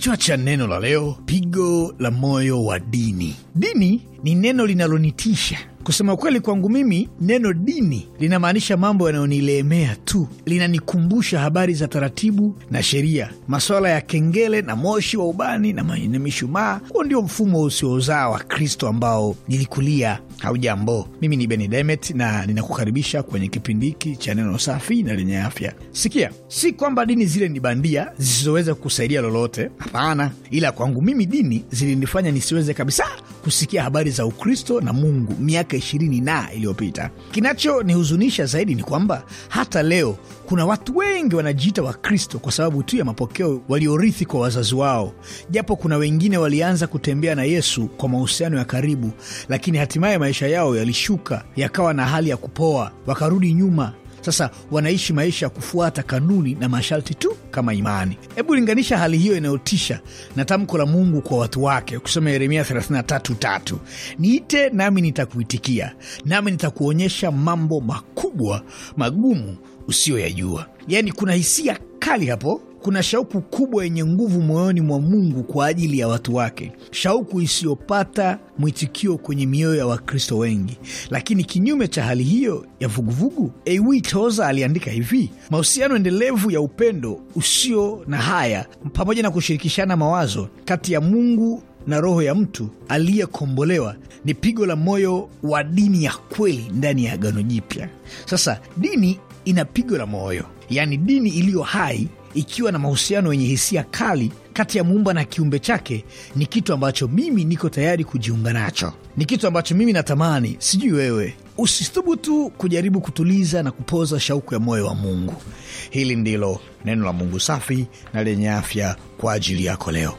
Kichwa cha neno la leo: pigo la moyo wa dini. Dini ni neno linalonitisha Kusema kweli, kwangu mimi neno dini linamaanisha mambo yanayonilemea tu, linanikumbusha habari za taratibu na sheria, masuala ya kengele na moshi wa ubani na mishumaa. Huo ndio mfumo usiozaa wa Kristo ambao nilikulia. Haujambo, mimi ni Beni Demet na ninakukaribisha kwenye kipindi hiki cha neno safi na lenye afya. Sikia, si kwamba dini zile ni bandia zisizoweza kusaidia lolote, hapana, ila kwangu mimi dini zilinifanya nisiweze kabisa kusikia habari za Ukristo na Mungu miaka ishirini na iliyopita. Kinachonihuzunisha zaidi ni kwamba hata leo kuna watu wengi wanajiita Wakristo kwa sababu tu ya mapokeo waliorithi kwa wazazi wao, japo kuna wengine walianza kutembea na Yesu kwa mahusiano ya karibu, lakini hatimaye maisha yao yalishuka yakawa na hali ya kupoa, wakarudi nyuma sasa wanaishi maisha ya kufuata kanuni na masharti tu kama imani. Hebu linganisha hali hiyo inayotisha na tamko la Mungu kwa watu wake kusema Yeremia 33:3, niite nami nitakuitikia, nami nitakuonyesha mambo makubwa magumu usiyoyajua. Yaani kuna hisia kali hapo kuna shauku kubwa yenye nguvu moyoni mwa Mungu kwa ajili ya watu wake, shauku isiyopata mwitikio kwenye mioyo ya Wakristo wengi. Lakini kinyume cha hali hiyo ya vuguvugu, Ewi Toza aliandika hivi: mahusiano endelevu ya upendo usio na haya, pamoja na kushirikishana mawazo kati ya Mungu na roho ya mtu aliyekombolewa ni pigo la moyo wa dini ya kweli ndani ya Agano Jipya. Sasa dini ina pigo la moyo yaani dini iliyo hai ikiwa na mahusiano yenye hisia kali kati ya muumba na kiumbe chake ni kitu ambacho mimi niko tayari kujiunga nacho, ni kitu ambacho mimi natamani. Sijui wewe, usithubutu kujaribu kutuliza na kupoza shauku ya moyo wa Mungu. Hili ndilo neno la Mungu safi na lenye afya kwa ajili yako leo.